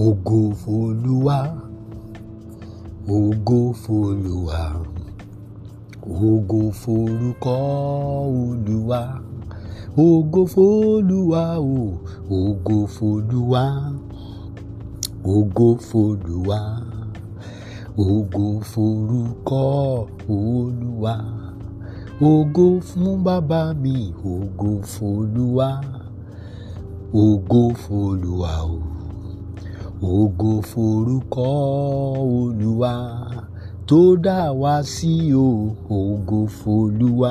ògo f'Olúwa ògo f'Olúwa ògo forúkọ Olúwa ògo f'Olúwa o ògo f'Olúwa ògo f'Olúwa ògo forúkọ Olúwa ògo fún bàbá mi ògo f'Olúwa ògo f'Olúwa o. Ògo forúkọ Olúwa tó dá wa sí o. Ògo folúwa,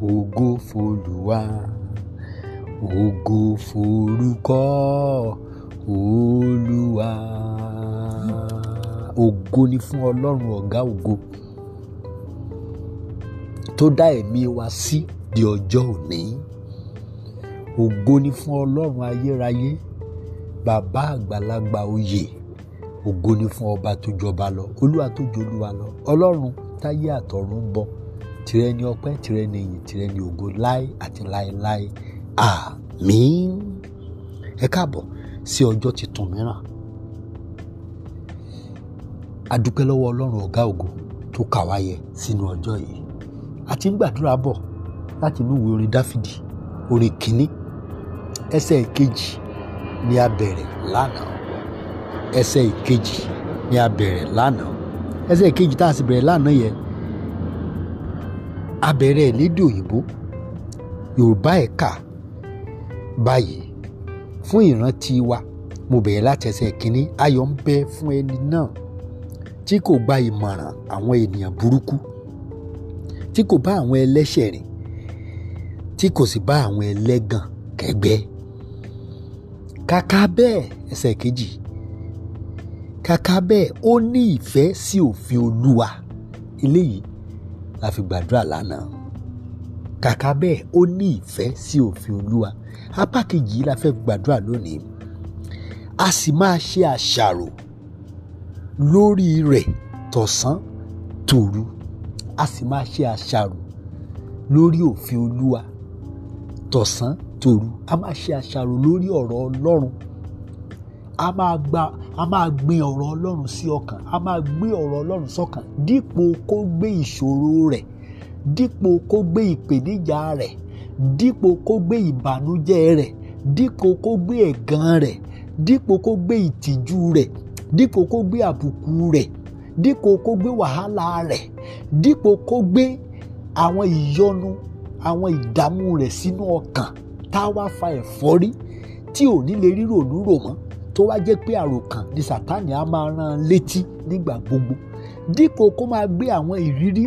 ògo folúwa, ògo forúkọ Olúwa. Ògo ni fún Ọlọ́run ọ̀gá ògo tó dá ẹ̀mí wa sí di ọjọ́ òní. Ògo ni fún Ọlọ́run ayérayé bàbá àgbàlagbà oyè ògo ni fún ọba tó jọba lọ olúwa tó jọlúwa lọ ọlọ́run táyé àtọ̀run ń bọ tìrẹ ni ọpẹ́ tìrẹ ni ìyìn tìrẹ ni ògo láé àti láéláé àmín ẹ káàbọ̀ sí ọjọ́ tuntun mìíràn adúpẹ́ lọ́wọ́ ọlọ́run ọ̀gá ògo tó kà wá yẹ sínú ọjọ́ yìí àti ń gbàdúrà bọ̀ láti inú ìwé orin dáfídì orin kìíní ẹsẹ̀ kejì ni a bẹ̀rẹ̀ lánàá ẹsẹ̀ ìkejì ni a bẹ̀rẹ̀ lánàá ẹsẹ̀ ìkejì tá a sì bẹ̀rẹ̀ lánàá yẹn a bẹ̀rẹ̀ lédè òyìnbó yorùbá ẹ̀ka báyìí fún ìrántí wa mo bẹ̀rẹ̀ láti ẹsẹ̀ kínní ayọ̀ ń bẹ fún ẹni náà tí kò gba ìmọ̀ràn àwọn ènìyàn burúkú tí kò bá àwọn ẹlẹ́ṣẹ̀ rìn tí kò sì bá àwọn ẹlẹ́gàn kẹ́gbẹ́ kàkà bẹ́ẹ̀ ẹsẹ̀ kejì kàkà bẹ́ẹ̀ ó ní ìfẹ́ sí òfin olúwa eléyìí la fi gbàdúrà lánàá kàkà bẹ́ẹ̀ ó ní ìfẹ́ sí òfin olúwa apá kejì la fẹ́ gbàdúrà lónìí a sì máa ṣe àṣàrò lórí rẹ̀ tọ̀sán tòru a sì máa ṣe àṣàrò lórí òfin olúwa tọ̀sán tòru a máa ṣe àṣàrò lórí ọ̀rọ̀ ọlọ́run a máa gba a máa gbin ọ̀rọ̀ ọlọ́run sí ọkàn a máa gbé ọ̀rọ̀ ọlọ́run sọ́kàn dípò kó gbé ìṣòro rẹ̀ dípò kó gbé ìpèníjà rẹ̀ dípò kó gbé ìbànújẹ́ rẹ̀ dípò kó gbé ẹ̀gàn rẹ̀ dípò kó gbé ìtìjú rẹ̀ dípò kó gbé àbùkù rẹ̀ dípò kó gbé wàhálà rẹ̀ dípò kó gbé àwọn ìyọnu àwọn ìdààmú rẹ̀ sínú ọkàn. Si no tá a wá fa ẹ̀fọ́rí tí ò ní lè rírò lúrò mọ́ tó wá jẹ́ pé àròkàn ni sátánì á máa rán an létí nígbà gbogbo dípò kó máa gbé àwọn ìrírí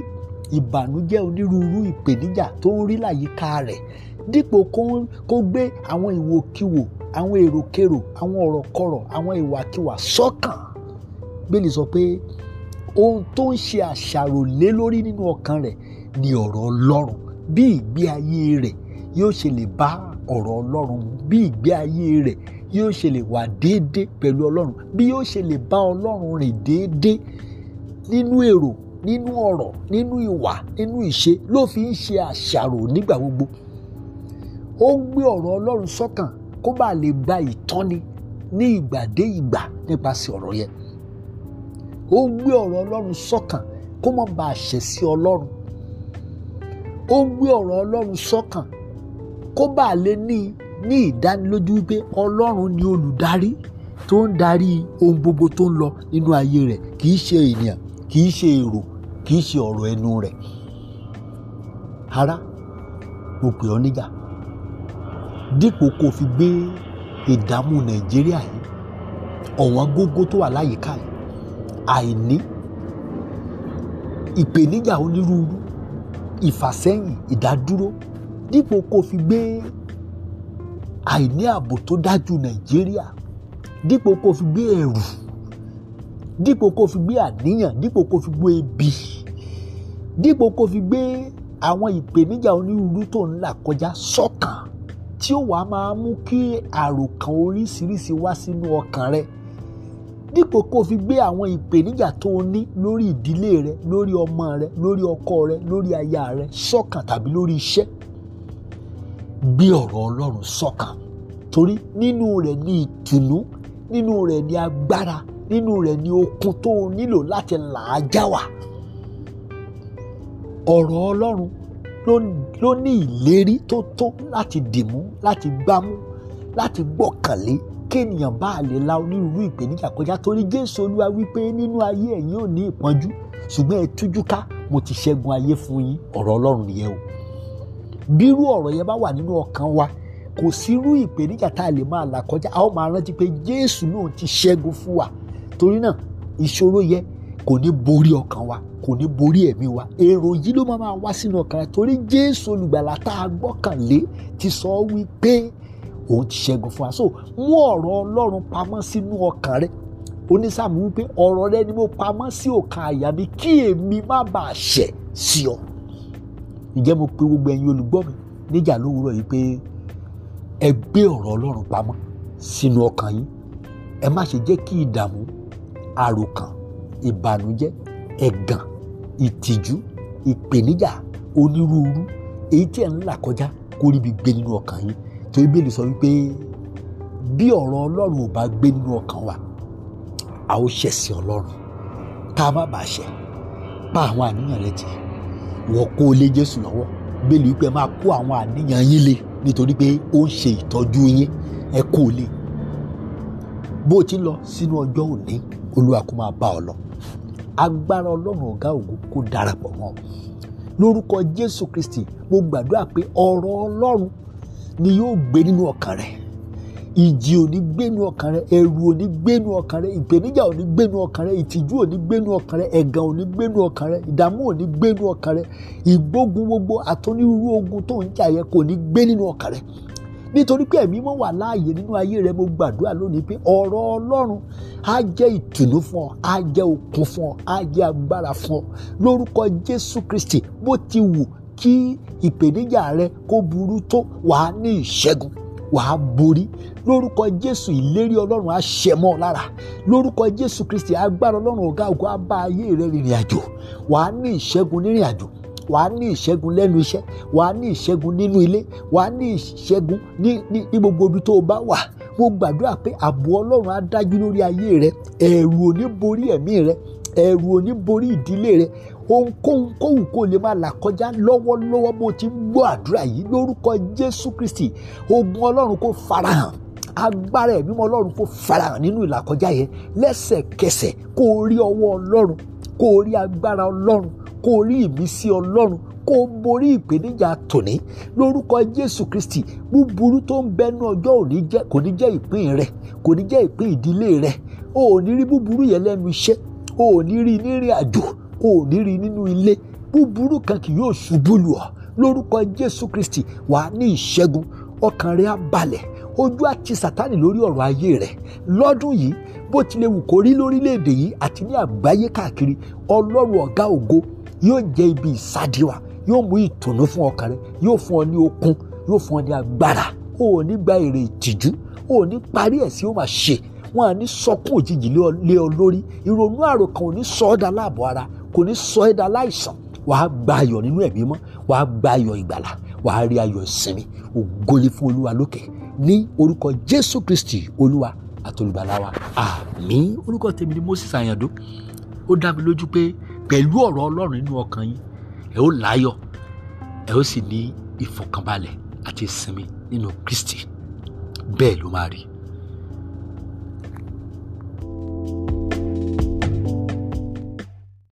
ìbànújẹ́ onírúurú ìpèníjà tó ń rí láyìíká rẹ̀ dípò kó gbé àwọn ìwòkiwò àwọn èròkerò àwọn ọ̀rọ̀kọ̀rọ̀ àwọn ìwàkiwà sọ́kàn bẹ́ẹ̀ni sọ pé ohun tó ń ṣe àṣàrò lé lórí nínú ọkàn rẹ̀ ni ọ̀rọ̀ ọlọ́run bí ìgbé ayé rẹ̀ yóò ṣe lè bá ọ̀rọ̀ ọlọ́run bí ìgbé ayé rẹ̀ yóò ṣe lè wà déédé pẹ̀lú ọlọ́run bí yóò ṣe lè bá ọlọ́run rìn déédé nínú èrò nínú ọ̀rọ̀ nínú ìwà nínú ìṣe ló fi ń ṣe àṣàrò nígbà gbogbo ó gbé ọ̀rọ̀ ọlọ́run sọ́kàn kó bá lè gba ìtọ́ni ní ìgbà dé ìgbà nípasẹ̀ ọ̀rọ̀ yẹn ó gbé ọ̀rọ̀ ọlọ́run sọ́kàn kó má bàa ṣẹ̀ sí ọlọ́run ó gbé ọ̀rọ̀ ọlọ́run sọ́kàn kó bá lè ní ní ìdánilójú wípé ọlọ́run ni olùdarí tó ń darí ohun gbogbo tó ń lọ nínú ayé rẹ̀ kì í ṣe ènìyàn kì í ṣe èrò kì í ṣe ọ̀rọ̀ ẹnu rẹ̀ ará mo pè ọ́ níjà dípò kó o fi gbé ìdààmú nàìjíríà yìí ọ̀wọ́n gógó tó wà láyìíká yìí àìní ìpèníjà onírúurú ìfàsẹ́yìn ìdádúró dípò kó fi gbé àìní ààbò tó dájú nàìjíríà dípò kó fi gbé ẹ̀rù dípò kó fi gbé àníyàn dípò kó fi gbé ebi dípò kó fi gbé àwọn ìpèníjà onírúurú tó ń là kọjá sọ́kàn tí ó wàá máa mú kí àròkàn oríṣiríṣi wá sínú ọkàn rẹ dípò kó fi gbé àwọn ìpèníjà tó o ní lórí ìdílé rẹ lórí ọmọ rẹ lórí ọkọ rẹ lórí aya rẹ sọ́kàn tàbí lórí iṣẹ́ gbé ọ̀rọ̀ ọlọ́run sọ́kàn torí nínú rẹ̀ ni ìtùnú nínú rẹ̀ ni agbára nínú rẹ̀ ni okun tó o nílò láti là á já wà ọ̀rọ̀ ọlọ́run ló ní ìlérí tó tó láti dìmú láti gbámú láti gbọ́kànlé kéèyàn bá lè la onírúurú ìpèníjà kọjá torí jésù olúwa wípé nínú ayé ẹ̀yin ò ní ìpọ́njú ṣùgbọ́n ẹ tújú ká mo ti ṣẹ́gun ayé fún yín ọ̀rọ̀ ọlọ́run nìyẹn o bírú ọ̀rọ̀ yẹn bá wà nínú ọkàn wa kò sírú ìpèníjà tá a lè máa là kọjá a ó máa rántí pé Jésù náà ti ṣẹ́gun fún wa torí náà ìṣòro yẹn kò ní borí ọkàn wa kò ní borí ẹ̀mí wa èrò yìí ló máa wá sínú ọkàn torí Jésù olùgbàlà tá a gbọ́kànlé ti sọ wípé òun ti ṣẹ́gun fún wa so mú ọ̀rọ̀ Ọlọ́run pamọ́ sínú ọkàn rẹ onísàmù wípé ọ̀rọ̀ rẹ ni mo pamọ́ sí ọkàn àyà mi kí èmi má bàa ṣẹ̀ sí ọ ǹjẹ́ mo pe gbogbo ẹ̀yin olùgbọ́ mi níjà lówùúrọ̀ yìí pé ẹ gbé ọ̀rọ̀ ọlọ́run pamọ́ sínú ọkàn yín ẹ má ṣe jẹ́ kí ìdààmú àròkàn ìbànújẹ́ ẹ̀gàn ìtìjú ìpèníjà onírúurú èyí tí ẹ̀ ń là kọjá kó ríbi gbé nínú ọkàn yín torí bíbélì sọ wípé bí ọ̀rọ̀ ọlọ́run ò bá gbé nínú ọkàn wa a ó ṣẹ̀sìn ọlọ́run tá a má bàa ṣẹ̀ pa àwọn àníyàn rẹ tì wọ́n kó lé Jésù lọ́wọ́ bẹ́ẹ̀ lè pé máa kó àwọn àníyàn yín le nítorí pé ó ń ṣe ìtọ́jú yín ẹ kó lé bó o ti lọ sínú ọjọ́ òní olúwa kó máa bá ọ lọ agbára ọlọ́run ọ̀gá ògo kó darapọ̀ mọ́ lórúkọ Jésù Kristi mo gbàdúrà pé ọ̀rọ̀ ọlọ́run ni yóò gbé nínú ọkàn rẹ̀ ìjì ò ní gbénu ọkàn rẹ ẹ̀rù ò ní gbénu ọkàn rẹ ìpèníjà ò ní gbénu ọkàn rẹ ìtìjú ò ní gbénu ọkàn rẹ ẹ̀gàn ò ní gbénu ọkàn rẹ ìdààmú ò ní gbénu ọkàn rẹ ìgbógun gbogbo àtọ́nírúurú ogun tó ń jà yẹ kò ní gbé nínú ọkàn rẹ nítorí pé ẹ̀mí mọ́ wà láàyè nínú ayé rẹ mo gbàdúrà lónìí pé ọ̀rọ̀ ọlọ́run á jẹ́ ìtùnú fún ọ á jẹ́ okun fún ọ á jẹ́ agbára fún ọ lórúkọ jésù kristi bó ti wù kí ìpèníjà rẹ kó burú tó wàá ní ìṣẹ́gun wàá borí lórúkọ jésù ìlérí ọlọ́run á ṣẹ mọ́ ọ lára lórúkọ jésù kristi agbára ọlọ́run ọ̀gá ògo á bá ayé rẹ rìnrìn àjò wàá ní ìṣẹ́gun nírìn àjò wàá ní ìṣẹ́gun lẹ́nu iṣẹ́ wàá ní ìṣẹ́gun nínú ilé wàá ní ìṣẹ́gun ní ní gbogbo ibi tó o bá wà mo gbàdúrà pé ààbò ọlọ́run á dájú lórí ayé rẹ ẹ̀rù ò borí ẹ̀mí rẹ ẹ̀rù ò borí ìdílé rẹ ohunkóhun kóhùn kó lè máa là kọjá lọ́wọ́lọ́wọ́ bó ti ń gbọ́ àdúrà yìí lórúkọ Jésù Kristi ogun Ọlọ́run kó farahàn agbára ẹ̀mí mọ́ Ọlọ́run kó farahàn nínú ìlàkọjá yẹn lẹ́sẹ̀kẹsẹ̀ kó rí ọwọ́ Ọlọ́run kó rí agbára Ọlọ́run kó rí ìmísí Ọlọ́run kó borí ìpèníjà tòní lórúkọ Jésù Kristi búburú tó ń bẹnu ọjọ́ kò ní jẹ́ ìpín rẹ kò ní jẹ́ ìpín ìdílé rẹ o ò ní rí búburú yẹn lẹ́nu iṣẹ́ o ò ní rí nírìn àjò o ò ní rí nínú ilé búburú kan kì yóò ṣubú lù ọ́ lórúkọ Jésù Kristi wàá ní ìṣẹ́gun ọkàn rẹ á balẹ̀ ojú á ti Sátánì lórí ọ̀rọ̀ ayé rẹ lọ́dún yìí bó tilẹ̀ wù kó rí lórílẹ̀‐èdè yìí àti ní àgbáyé káàkiri Ọlọ́run ọ̀gá ògo yóò jẹ́ ibi ìsádi yóò mú ìtùnú fún ọkàn rẹ yóò fún ọ ní okun yóò fún ọ ní agbára o ò ní gba èrè ìtìjú o ò ní parí ẹ̀ sí ó máa ṣe wọn à ní sọkún òjijì lé ọ lórí ìrònú àròkàn ò ní sọ ọ́ da láàbọ̀ ara kò ní sọ ẹ́ da láìsàn wàá gba ayọ̀ nínú ẹ̀mí mọ́ wàá gba ayọ̀ ìgbàlà wàá rí ayọ̀ ìsinmi ògo ni fún olúwa lókè ní orúkọ jésù kristi olúwa àtolùgbàlà wa àmín orúkọ tèmi ni moses àyàndó ó dá mi lójú pé pẹ̀lú ọ̀rọ̀ ọlọ́run nínú ọkàn yín ẹ ó láyọ̀ ẹ ó sì ní ìfọ̀kànbalẹ̀ àti ìsinmi nínú kristi bẹ́ẹ̀ ló máa rí